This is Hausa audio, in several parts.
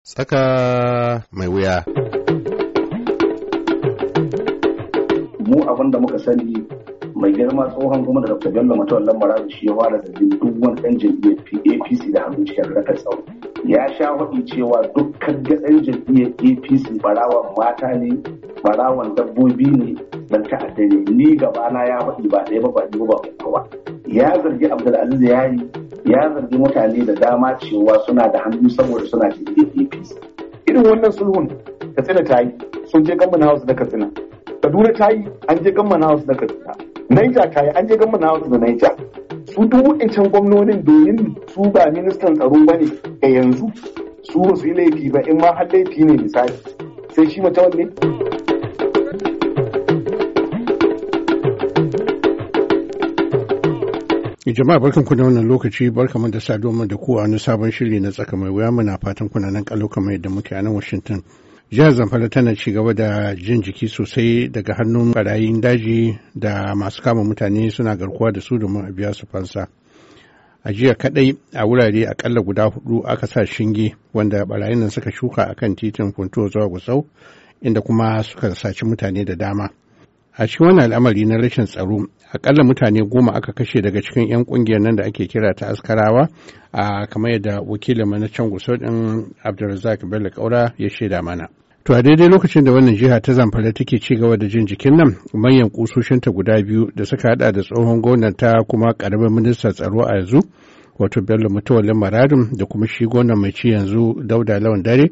Tsaka mai wuya. Mu abin da muka sani mai girma tsohon da Dr. Bello Matawallan Marabu shi ya fara zargin duk wani ɗan jam'iyyar APC da hannun cikin rakar tsawo. Ya sha faɗi cewa dukkan gatsan jam'iyyar APC barawan mata ne, barawan dabbobi ne, dan ta'adda ne. Ni gabana ya faɗi ba ɗaya ba ba ba ba. Ya zargi Abdulaziz ya yi ya zargi mutane da dama cewa suna da hannu saboda suna da APC. Irin wannan sulhun Katsina ta yi sun je gamman house da Katsina. Kaduna ta yi an je gamman house da Katsina. Niger ta yi an je gamman house da Niger. Su duk wa'ancan gwamnonin domin su ba ministan tsaro ba ne ga yanzu su ba su yi laifi ba in ma har laifi ne misali sai shi mutum ne. Eh, jama'a barkan ku da wannan lokaci barkamu da saduwa da ku a sabon shiri na tsaka mai wuya muna fatan kuna nan kalau kamar yadda muke a nan Washington. Jihar Zamfara tana ci gaba da jin jiki sosai daga hannun barayin daji da masu kama mutane suna garkuwa da su domin a biya su fansa. A jiya kadai a wurare akalla guda hudu aka sa shinge wanda barayin nan suka shuka akan titin Funtuwa zuwa Gusau inda kuma suka saci mutane da dama. a cikin wani al'amari na rashin tsaro akalla mutane goma aka kashe daga cikin 'yan kungiyar nan da ake kira ta askarawa a kamar yadda wakilin mana can guso din abdulrazak bello kaura ya shaida mana to a daidai lokacin da wannan jiha ta zamfara take ci gaba da jin jikin nan manyan kusoshinta guda biyu da suka hada da tsohon gwamnan ta kuma karamin ministan tsaro a yanzu wato bello mutawallin maradin da kuma shi gwamnan mai ci yanzu dauda lawan dare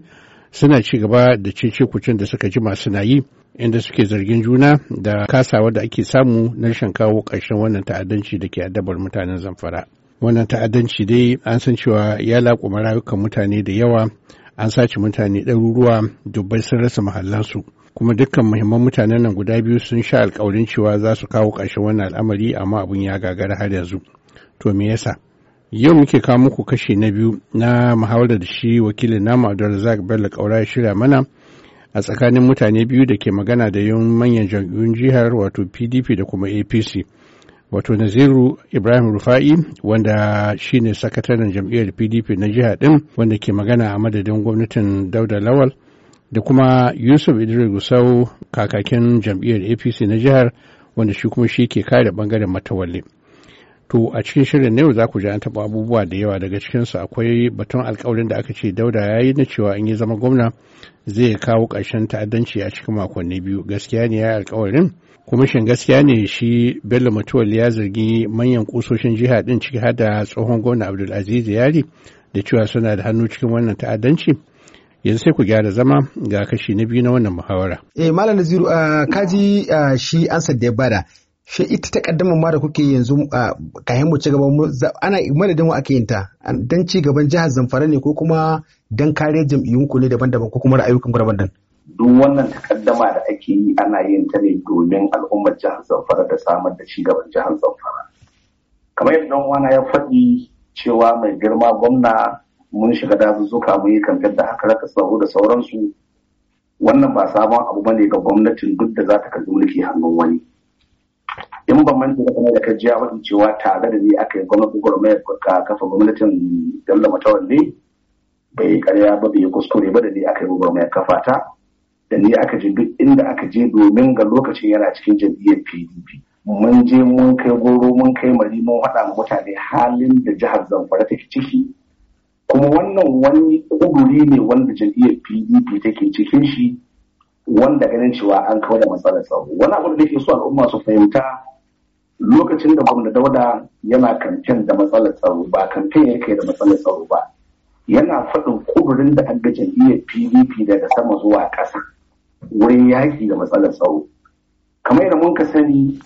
suna ci gaba da cece kucin da suka ji masu na yi inda suke zargin juna da kasawa da ake samu na rashin kawo ƙarshen wannan ta'addanci da ke addabar mutanen zamfara wannan ta'addanci dai an san cewa ya laƙuma rayukan mutane da yawa an sace mutane ɗaruruwa dubbai sun rasa mahallansu kuma dukkan muhimman mutanen nan guda biyu sun sha alkawarin cewa za su kawo ƙarshen wannan al'amari amma abin ya gagara har yanzu to me yasa yau muke kawo muku kashi na biyu na muhawarar da shi wakilin namu Abdulrazak Bello Kaura ya shirya mana a tsakanin mutane biyu da ke magana da yin manyan jam'iyyun jihar wato pdp da kuma apc wato naziru ibrahim rufa'i wanda shine sakataren jam'iyyar pdp na jihar din wanda ke magana a madadin gwamnatin dauda lawal da kuma yusuf idris gusau kakakin jam'iyyar apc na jihar wanda shi kuma shi ke kare bangaren matawalle To a cikin shirin na yau za ku ji an taɓa abubuwa da yawa daga cikinsu akwai batun alkawarin da aka ce dauda ya yi na cewa in yi zama gwamna zai kawo ƙarshen ta'addanci a cikin makonni biyu gaskiya ne ya yi alkawarin kuma shin gaskiya ne shi bello mutuwal ya zargi manyan kusoshin jiha ɗin ciki har da tsohon gwamna abdulaziz yari da cewa suna da hannu cikin wannan ta'addanci yanzu sai ku gyara zama ga kashi na biyu na wannan muhawara. eh malam naziru ah, kaji ah, shi ansa da ya bada shi ita ta kaddama ma da kuke yanzu kayan mu ci gaba ana madadin wa ake yin ta Don ci gaban jihar Zamfara ne ko kuma don kare jam'iyyun ku ne daban-daban ko kuma ra'ayoyin ku daban-daban duk wannan takaddama da ake yi ana yin ta ne domin al'ummar jihar Zamfara da samar da ci gaban jihar Zamfara kamar yadda dan wani ya faɗi cewa mai girma gwamna mun shiga dazuzzuka mun yi kamfen da haka raka tsaro da sauransu wannan ba sabon abu bane ga gwamnatin duk da za ta karɓi mulki hannun wani in ban manta da kuma da ka jiya cewa tare da ni aka yi gwamnatin gwamnati ka kafa gwamnatin dalla wanne bai karya ba bai kuskure ba da ni aka yi gwamnati kafa ta da ni aka je duk inda aka je domin ga lokacin yana cikin jam'iyyar PDP mun je mun kai goro mun kai mari mun haɗa ma mutane halin da jihar Zamfara take ciki kuma wannan wani kuduri ne wanda jam'iyyar PDP take cikin shi wanda ganin cewa an kawar da matsalar tsaro wani abu da ke so al'umma su fahimta lokacin da gwamna dauda yana kamfen da matsalar tsaro ba kamfen ya kai da matsalar tsaro ba yana faɗin kudurin da an gajin iya pdp daga sama zuwa ƙasa wurin yaƙi da matsalar tsaro kamar yadda mun ka sani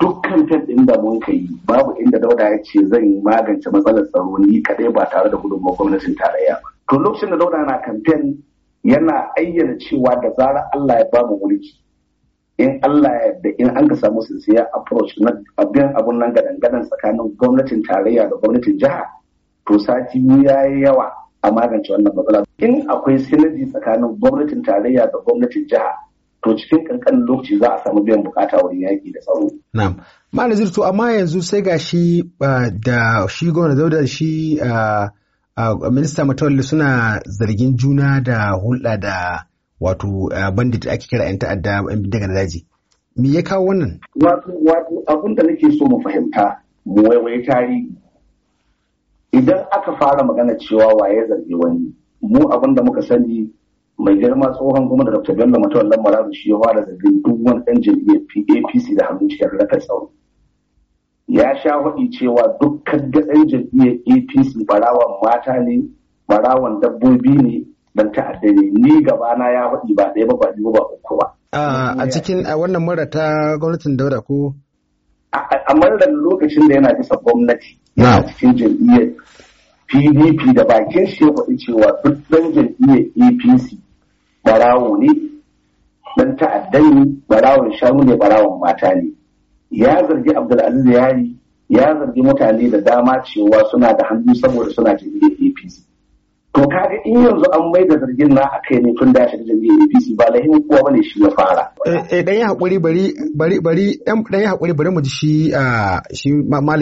duk kamfen ɗin da mun ka yi babu inda dauda ya ce zan magance matsalar tsaro ni kaɗai ba tare da gudunmawar gwamnatin tarayya ba to lokacin da dauda na kamfen yana ayyana cewa da zarar Allah ya ba mu mulki in Allah ya da in an ka samu sincere approach na abin abun nan gadan tsakanin gwamnatin tarayya da gwamnatin jiha to sati ya yi yawa a magance wannan matsala in akwai sinaji tsakanin gwamnatin tarayya da gwamnatin jiha to cikin kankanin lokaci za a samu biyan bukata wurin yaki da tsaro. Na'am. Ma'ana to amma yanzu sai gashi ah, da shi gwamnati da shi ah, minista matawalli suna zargin juna da hulɗa da wato bandit ake kira 'yan ta'adda 'yan bindiga na daji me ya kawo wannan wato wato abin da nake so mu fahimta mu waiwai tarihi idan aka fara magana cewa waye zargi wani mu abin da muka sani mai girma tsohon kuma da dr bello matawallan Marabu shi ya fara zargin duk wani ɗan jam'iyyar apc da hannun cikin rakar tsaro ya sha haɗi cewa dukkan gaɗan jam'iyyar apc barawan mata ne barawan dabbobi ne don ta'adda ne ni gabana ya haɗi ba ɗaya ba ba biyu ba uku ba. a cikin wannan mura ta gwamnatin dauda ko? a murar lokacin da yana bisa gwamnati yana cikin jam'iyyar pdp da bakin shi ya faɗi cewa duk ɗan jam'iyyar apc barawo ne don ta'adda ne barawon shanu ne barawon mata ne ya zargi abdulaziz yi ya zargi mutane da dama cewa suna da hannu saboda suna jam'iyyar apc to kaga in yanzu an mai da zargin na a kai ne tun da shi jam'iyyar apc ba lahin kowa bane shi ya fara eh, eh dan ya hakuri bari bari bari dan yi hakuri bari mu ji shi ah, shi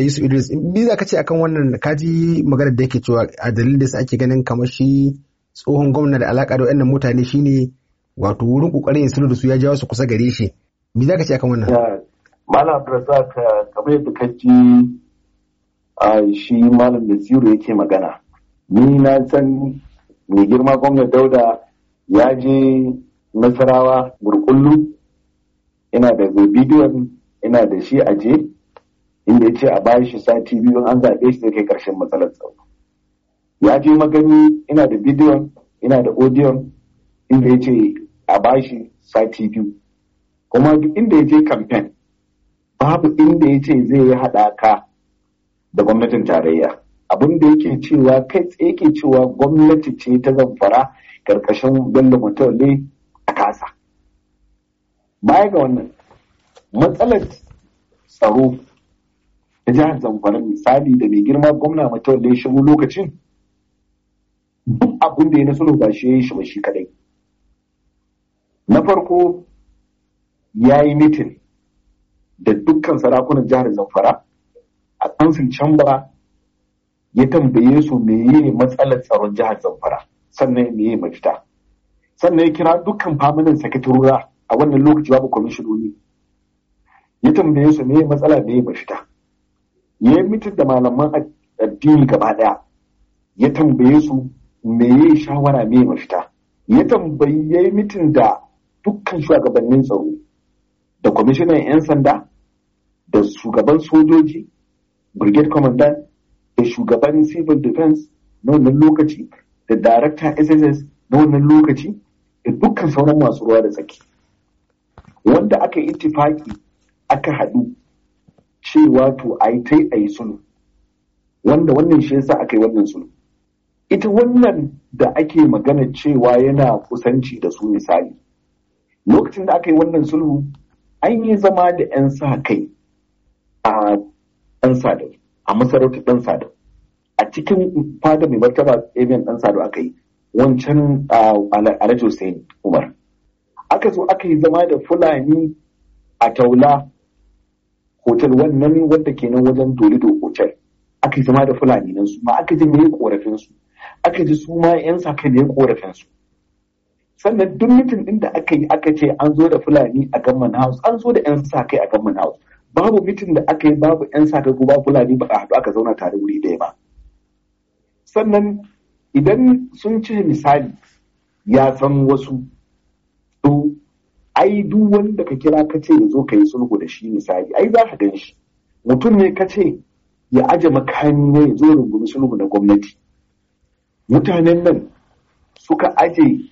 yusuf idris bi za ka ce akan wannan kaji magana da yake cewa a dalilin da ake ganin kamar shi tsohon gwamna da alaka da waɗannan mutane shine wato wurin kokarin ya sulhu da su ya jawo su kusa gare shi me za ka ce akan wannan malam abdulrazak kamar yadda ka ji shi malam nasiru yake magana ni na san mai girma gwamnan dauda ya je nasarawa gurkullu ina da bidiyon ina da shi a je, inda ya ce a bayan shi sati biyu an zaɓe shi zai kai ƙarshen matsalar tsaro ya je magani ina da bidiyon ina da odiyon inda ya ce a bashi sati biyu kuma duk inda ya je kamfen babu inda ya ce zai yi haɗaka da gwamnatin tarayya abin da yake cewa kai tsaye ke cewa gwamnati ce ta zamfara karkashin bello mutane a kasa baya ga wannan matsalar tsaro ta jihar zamfara misali da mai girma gwamna mutane shigo lokacin duk abin da ya nasu ba shi ya yi shi ba shi kadai na farko ya yi mitin da dukkan sarakunan jihar zamfara a kansil chambara ya tambaye su meye matsalar tsaron jihar zamfara sannan meye mafita sannan ya kira dukkan faminan sakatarura a wannan lokaci babu kwamishinoni ya tambaye su meye matsala meye mafita ya yi mitin da malaman addini gaba daya ya tambaye su meye shawara meye mafita ya tambayi ya yi mitin da dukkan shugabannin tsaro da kwamishinan 'yan sanda da shugaban sojoji brigade commandant da shugaban civil defense na wannan lokaci da director sss na wannan lokaci da dukkan sauran masu ruwa da tsaki wanda aka yi itifaki aka haɗu cewa to a yi ta yi sulhu wanda wannan shi yasa aka yi wannan sulhu ita wannan da ake magana cewa yana kusanci da su misali lokacin da aka yi wannan sulhu an yi zama da 'yan sa kai a ɗan sadau a masarautar ɗan sadau a cikin fada mai martaba tsibin ɗan sadau aka yi wancan alhaji hussein umar aka zo aka yi zama da fulani a taula hotel wannan wanda ke wajen dolido hotel aka yi zama da fulani nan su ma aka ji mai korafin su aka ji su ma 'yan sa kai mai korafin su sannan duk mitin din da aka yi aka ce an zo da fulani a gamman house an zo da yan sa kai a gamman house babu mitin da aka yi babu yan sa kai ba fulani ba a haɗu aka zauna tare wuri ɗaya ba sannan idan sun ce misali ya san wasu to ai duk wanda ka kira ka ce ya zo ka yi sulhu da shi misali ai za ka gan mutum ne ka ce ya aje makami ne ya zo rungumi sulhu na gwamnati mutanen nan suka aje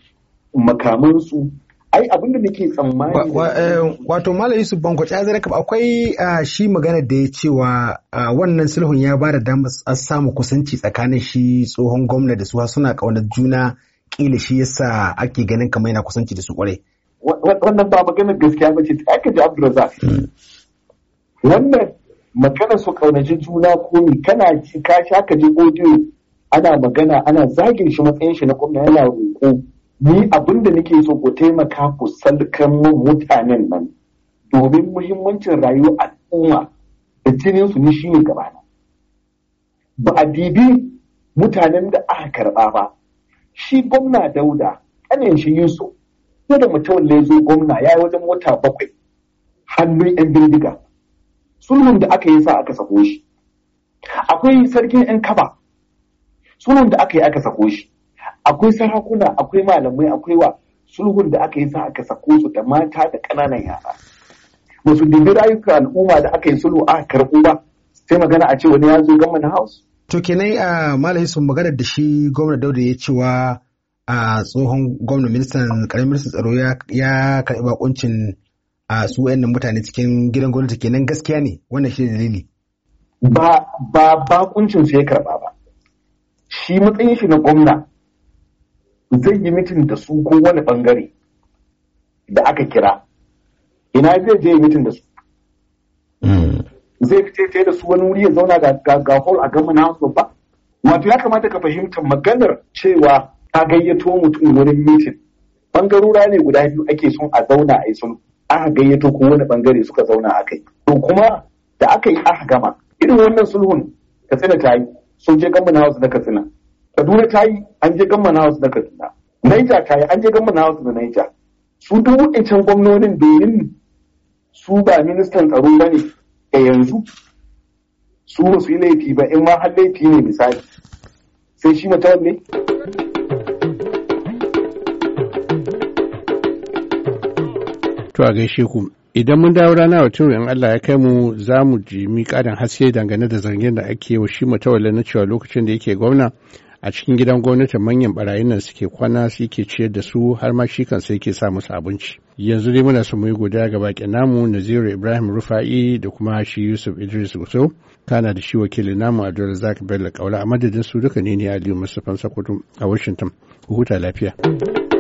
makamansu ai da nake tsammani eh, wato malam yusuf banko tsazara kaba akwai ah, shi magana da ya cewa ah, wannan sulhun ya ba da damar samu kusanci tsakanin shi tsohon gwamna da su suna kauna juna kila shi yasa ake ganin kamar yana kusanci da su kwarai wannan ba maganar gaskiya ba ce ta ji abdulrazak hmm. wannan maganar su kaunaci juna ko ne kana ci ka sha ka ji audio ana magana ana zagin shi matsayin shi na gwamna yana roƙo ni abin da nake so ku taimaka ku salkan mutanen nan domin muhimmancin rayuwar al'umma da jinin su ni shine gaba na ba a dibi mutanen da aka karba ba shi gwamna dauda kanin shi yusuf ko da mutum ya zo gwamna ya yi wajen wata bakwai hannun yan bindiga sulhun da aka yi sa aka sako shi akwai sarkin yan kaba sulhun da aka yi aka sako shi akwai sarakuna akwai malamai akwai wa sulhun da aka yi sa aka sako su da mata da ƙananan yara ba su dubi rayuka al'umma da aka yi sulhu a karɓu ba sai magana a ce wani ya zo gama house to kenan a malayi sun magana da shi gwamna dauda ya cewa a tsohon gwamnan ministan karamin ministan tsaro ya karɓi bakuncin a su wayannan mutane cikin gidan gwamnati kenan gaskiya ne wannan shi dalili ba ba bakuncin su ya karɓa ba shi matsayin shi na gwamna zai yi mitin da su ko wani bangare da aka kira ina zai je mitin da su zai fice ta da su wani wuri ya zauna ga hall a gama na ba wato ya kamata ka fahimta maganar cewa ta gayyato mutum wurin mitin bangarora ne guda biyu ake son a zauna a yi sun aka gayyato ko wani bangare suka zauna a kai to kuma da aka yi aka gama irin wannan sulhun katsina ta yi sun je gama na wasu na katsina kaduna ta yi an je gamma na na kaduna naija ta yi an je gamma na na naija su duk wa'ancan gwamnonin benin su ba ministan tsaro ba ne a yanzu su ba su yi laifi ba in ma har laifi ne misali sai shi mutum ne To a gaishe ku idan mun dawo rana wacin in Allah ya kai mu za mu ji mi karin haske dangane da zargin da ake wa shi matawalla na cewa lokacin da yake gwamna a cikin gidan gwamnati manyan barayin nan suke kwana suke ciyar da su har ma shi kansa yake sa musu abinci yanzu dai muna su muyi godiya ga baƙin namu Naziru Ibrahim Rufa'i da kuma shi Yusuf Idris uso kana da shi wakilin namu Abdulrazak Bello Kaula a madadin su duka ne ne Aliyu Mustapha Sokoto a Washington huta lafiya